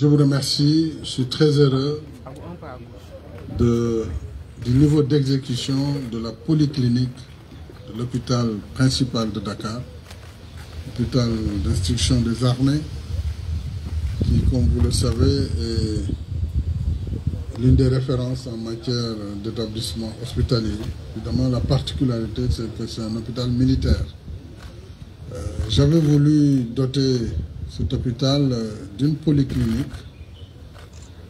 Je vous remercie. Je suis très heureux de, du niveau d'exécution de la polyclinique de l'hôpital principal de Dakar, l'hôpital d'instruction des armées, qui, comme vous le savez, est l'une des références en matière d'établissement hospitalier. Évidemment, la particularité, c'est que un hôpital militaire. Euh, j'avais voulu doter cet hôpital euh, d'une polyclinique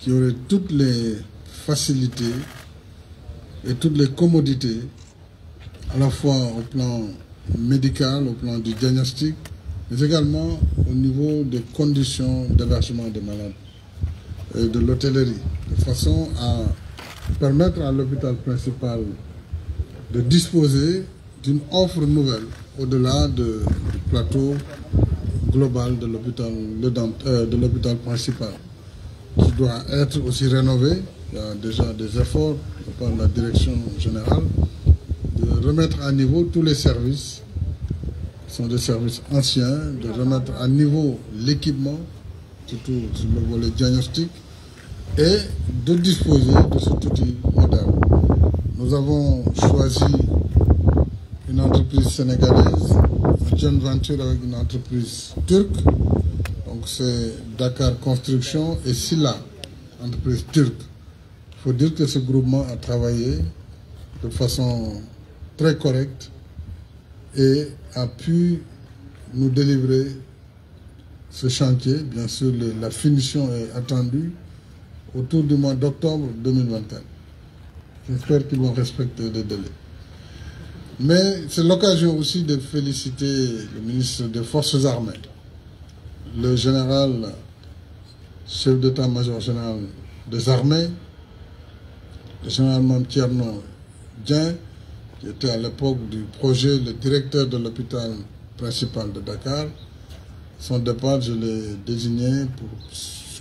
qui aurait toutes les facilités et toutes les commodités, à la fois au plan médical, au plan du diagnostic, mais également au niveau des conditions d'hébergement des malades et de l'hôtellerie, de façon à permettre à l'hôpital principal de disposer d'une offre nouvelle au-delà de, du globale de l'hôpital euh, de l'hôpital principal qui doit être aussi rénové. a des efforts par la direction générale de remettre à niveau tous les services qui sont des services anciens, de remettre à niveau l'équipement, surtout sur le volet diagnostic, et de disposer de cet outil moderne. Nous avons choisi une entreprise sénégalaise joint venture avec une entreprise turque. Donc c'est Dakar Construction et Silla, entreprise turque. Il faut dire que ce groupement a travaillé de façon très correcte et a pu nous délivrer ce chantier. Bien sûr, la finition est attendue autour du mois d'octobre 2024. J'espère qu'ils vont respecter les délais. Mais c'est l'occasion aussi de féliciter le ministre des Forces armées, le général, chef d'état-major général des armées, le général Mamtierno Dien, qui était à l'époque du projet le directeur de l'hôpital principal de Dakar. Son départ, je l'ai désigné pour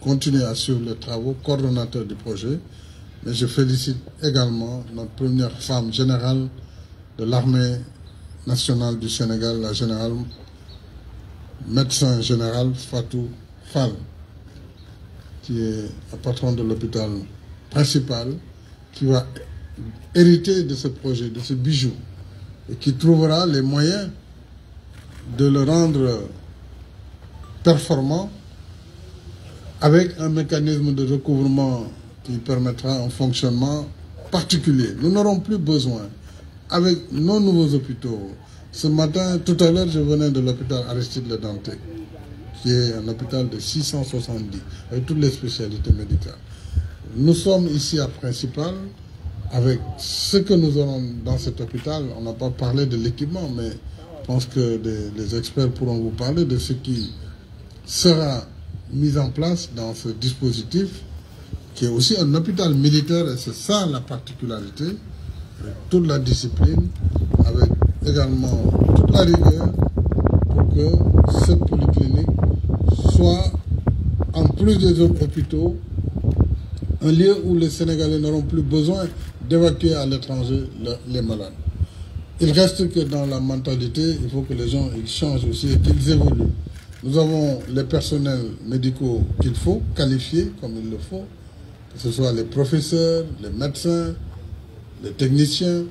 continuer à suivre les travaux, coordonnateur du projet. Mais je félicite également notre première femme générale, de l'armée nationale du Sénégal, la générale médecin général Fatou Fall, qui est le patron de l'hôpital principal, qui va hériter de ce projet, de ce bijou, et qui trouvera les moyens de le rendre performant avec un mécanisme de recouvrement qui permettra un fonctionnement particulier. Nous n'aurons plus besoin avec nos nouveaux hôpitaux. Ce matin, tout à l'heure, je venais de l'hôpital Aristide Le Dantec, qui est un hôpital de 670, avec toutes les spécialités médicales. Nous sommes ici à Principal, avec ce que nous aurons dans cet hôpital, on n'a pas parlé de l'équipement, mais je pense que des, les experts pourront vous parler de ce qui sera mis en place dans ce dispositif, qui est aussi un hôpital militaire, et c'est ça la particularité. toute la discipline, avec également toute la rigueur pour que cette polyclinique soit, en plus des autres hôpitaux, un lieu où les Sénégalais n'auront plus besoin d'évacuer à l'étranger les malades. Il reste que dans la mentalité, il faut que les gens changent aussi et qu'ils évoluent. Nous avons les personnels médicaux qu'il faut, qualifiés comme il le faut, que ce soit les professeurs, les médecins, les techniciens,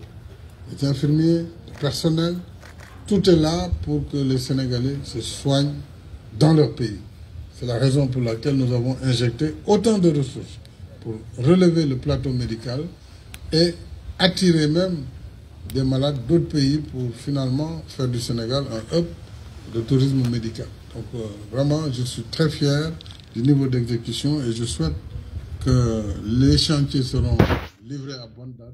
les infirmiers, le personnel, tout est là pour que les Sénégalais se soignent dans leur pays. C'est la raison pour laquelle nous avons injecté autant de ressources pour relever le plateau médical et attirer même des malades d'autres pays pour finalement faire du Sénégal un hub de tourisme médical. Donc euh, vraiment, je suis très fier du niveau d'exécution et je souhaite que les chantiers seront livrés à bonne date.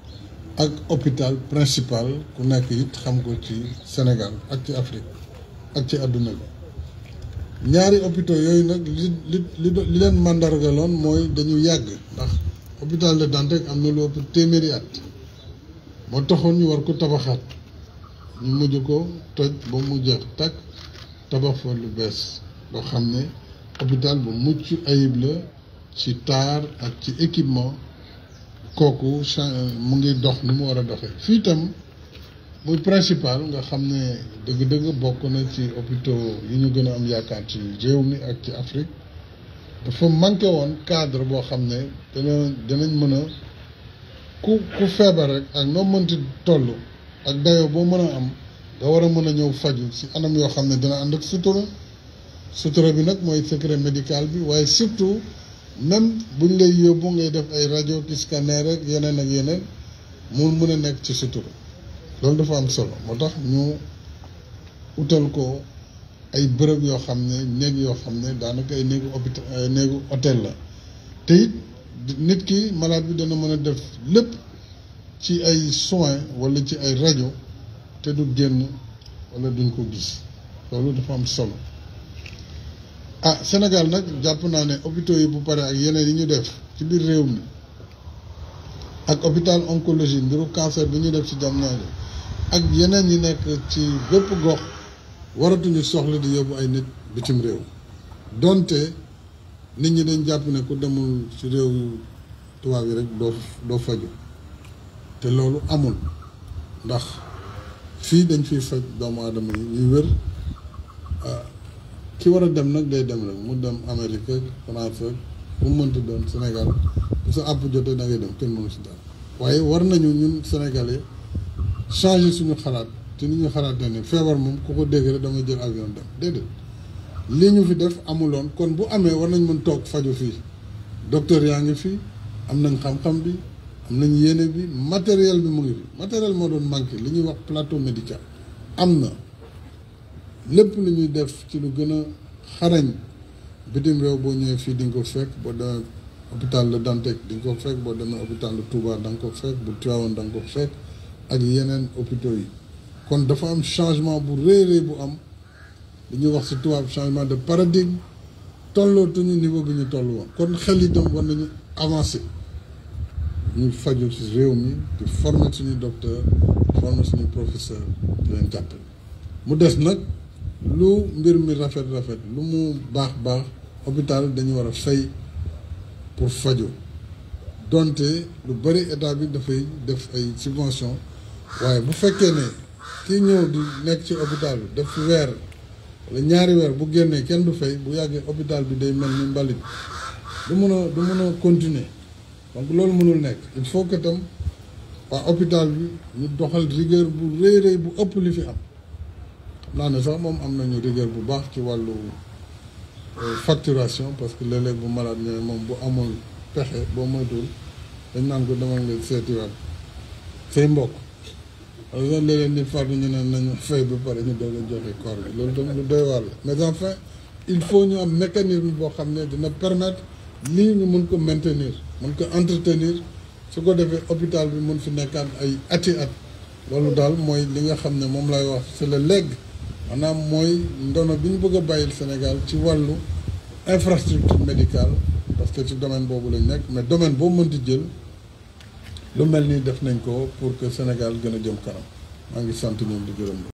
ak hôpital principal ku nekk it xam ko ci Sénégal ak ci Afrique ak ci àdduna bi ñaari hôpitaux yooyu nag li leen màndargaloon mooy dañu yàgg ndax hôpital de Dantec am na lu ëpp téeméeri at moo taxoon ñu war ko tabaxaat ñu mujj ko toj ba mu jeex takk tabax fa lu bees loo xam ne hôpital bu mucc ayib la ci taar ak ci équipement kooku mu ngi dox ni mu war a doxe fii itam muy principal nga xam ne dëgg-dëgg bokk na ci hôpitaux yi ñu gën a am yaakaar ci réew mi ak ci Afrique dafa manqué woon cadre boo xam ne dana danañ mën a ku ku feebar rek ak noo mënti toll ak dayoo boo mën a am nga war a mën a ñëw faju si anam yoo xam ne dana ànd ak sutura sutura bi nag mooy secret médical bi waaye surtout nan buñ lay yóbbu ngay def ay rajo ki scanner rek yeneen ak yeneen mu mun a nekk ci sutura loolu dafa am solo moo tax ñu utal ko ay bërëb yoo xam ne néeg yoo xam ne daanaka ay néegu hôpital néegu hôtel la te nit ki malade bi dana mën a def lépp ci ay soin wala ci ay rajo te du génn wala duñ ko gis loolu dafa am solo ah Sénégal nag jàpp naa ne hôpitaux yi bu pare ak yeneen yi ñu def ci biir réew mi ak hôpital oncologie mbiru cancer bi ñu def ci Diamniadio ak yeneen yi nekk ci bëpp gox waratuñu soxla di yóbbu ay nit bitim réew doonte nit ñi dañ jàpp ne ku demul ci réew tubaab yi rek doo doo faju te loolu amul ndax fii dañ fiy faj doomu aadama yi ñuy wér ah, ci war a dem nag day dem rek mu dem Amérique ak France ak mu mënti doon Sénégal bu sa àpp jotee da ngay dem kenn mënu ci dara waaye war nañu ñun sénégalais changer suñu xalaat te ni ñu xalaatee ne feebar moom ku ko dégg rek damay jël avion dem déedéet li ñu fi def amuloon kon bu amee war nañ mën toog faju fii docteur yaa ngi fii am nañ xam-xam bi am nañ yéene bi matériel bi mu ngi fi matériel moo doon manqué li ñuy wax plateau médical am na lépp lu ñuy def ci lu gën a xarañ bitim réew boo ñëwee fii di nga ko fekk boo demee hôpital Le Dantec di nga ko fekk boo demee hôpital de Touba da nga ko fekk bu Tivaouane da nga ko fekk ak yeneen hôpitaux yi kon dafa am changement bu réeree bu am li wax si tubaab changement de paradigme tollootuñu niveau bi ñu toll woon kon xel itam war nañu avancé ñu faju ci réew mi di former suñu docteur former suñu professeur di leen jàppale mu des nag lu mbir mi rafet rafet lu mu baax baax hôpital dañu war a fay pour faju donte lu bëri état bi dafay def ay subvention waaye bu fekkee ne kii ñëw di nekk ci hôpital bi def weer wala ñaari weer bu génnee kenn du fay bu yàggee hôpital bi day mel ni mbalit du mën a du mën a continuer donc loolu mënul nekk il faut que tam waa hôpital bi ñu doxal rigueur bu rëy rëy bu ëpp li fi am naa ne sax moom am nañu rigueur bu baax ci wàllu euh, facturation parce que léeg-léeg bu malade ñooy moom bu amul pexe boo moytuwul dañ naan ko demal nga seetiwaat say mbokk alors que léeg-léeg nit ñu ne nañu fay ba pare ñu doog a joxe corps bi loolu tam lu doy waar la mais il faut ñu am mécanisme boo xam ne dina permettre lii ñu mun ko maintenir mun ko entretenir su ko defee hôpital bi mun fi nekkaat ay ati at loolu daal mooy li nga xam ne moom lay wax c'est le legs maanaam mooy ndono bi ñu bëgg a bàyyil Sénégal ci wàllu infrastructure médicale parce que ci domaine boobu lañ nekk mais domaine boo mënti jël lu mel ni def nañ ko pour que Sénégal gën a jëm kanam maa ngi sant moom di gërëm